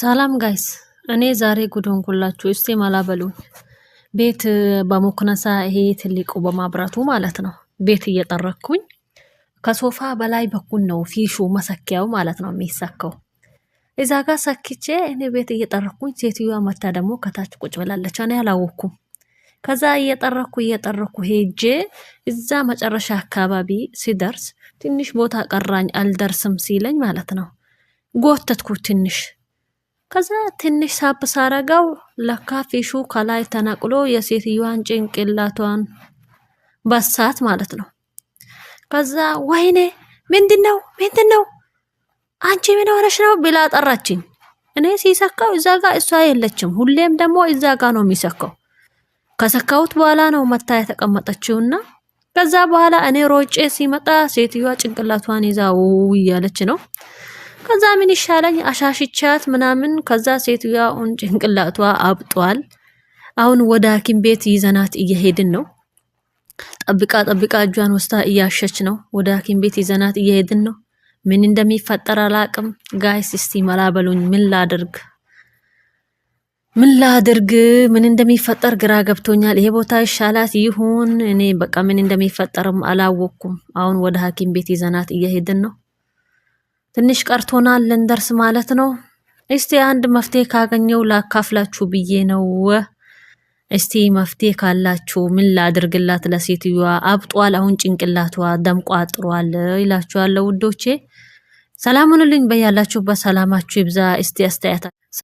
ሰላም ጋይስ፣ እኔ ዛሬ ጉድን ኩላችሁ እስቲ በሉኝ። ቤት በሞክነሳ ይሄ ትልቁ በማብራቱ ማለት ነው። ቤት እየጠረኩኝ ከሶፋ በላይ በኩል ነው ፊሹ መሰኪያው ማለት ነው የሚሰካው። እዛ ጋር ሰክቼ እኔ ቤት እየጠረኩኝ፣ ሴትዮዋ መታ ደግሞ ከታች ቁጭ ብላለች። እኔ አላወኩም። ከዛ እየጠረኩ እየጠረኩ ሄጄ እዛ መጨረሻ አካባቢ ሲደርስ ትንሽ ቦታ ቀራኝ አልደርስም ሲለኝ ማለት ነው ጎተትኩ ትንሽ ከዛ ትንሽ ሳብ ሳረገው ለካ ፊሹ ከላይ ተነቅሎ የሴትዮዋን ጭንቅላቷን በሳት ማለት ነው። ከዛ ወይኔ ምንድን ነው ምንድን ነው አንቺ ምን ሆነሽ ነው ብላ ጠራችኝ። እኔ ሲሰካው እዛ ጋ እሷ የለችም። ሁሌም ደግሞ እዛ ጋ ነው የሚሰካው። ከሰካሁት በኋላ ነው መታ የተቀመጠችውና ከዛ በኋላ እኔ ሮጬ ሲመጣ ሴትዮዋ ጭንቅላቷን ይዛ እያለች ነው ከዛ ምን ይሻለኝ አሻሽቻት ምናምን። ከዛ ሴትዮዋ ጭንቅላቷ አብጧል። አሁን ወደ ሐኪም ቤት ይዘናት እየሄድን ነው። ጠብቃ ጠብቃ እጇን ወስታ እያሸች ነው። ወደ ሐኪም ቤት ይዘናት እየሄድን ነው። ምን እንደሚፈጠር አላቅም ጋይስ። እስቲ መላ በሉኝ። ምን ላድርግ ምን ላድርግ? ምን እንደሚፈጠር ግራ ገብቶኛል። ይሄ ቦታ ይሻላት ይሁን እኔ በቃ ምን እንደሚፈጠርም አላወቅኩም። አሁን ወደ ሐኪም ቤት ይዘናት እየሄድን ነው። ትንሽ ቀርቶናል ልንደርስ ማለት ነው። እስቲ አንድ መፍትሄ ካገኘው ላካፍላችሁ ብዬ ነው። እስቲ መፍትሄ ካላችሁ ምን ላድርግላት ለሴትዮዋ? አብጧል፣ አሁን ጭንቅላቷ ደም ቋጥሯል ይላችኋለሁ ውዶቼ። ሰላሙን ልኝ በያላችሁበት ሰላማችሁ ይብዛ። እስቲ አስተያየታ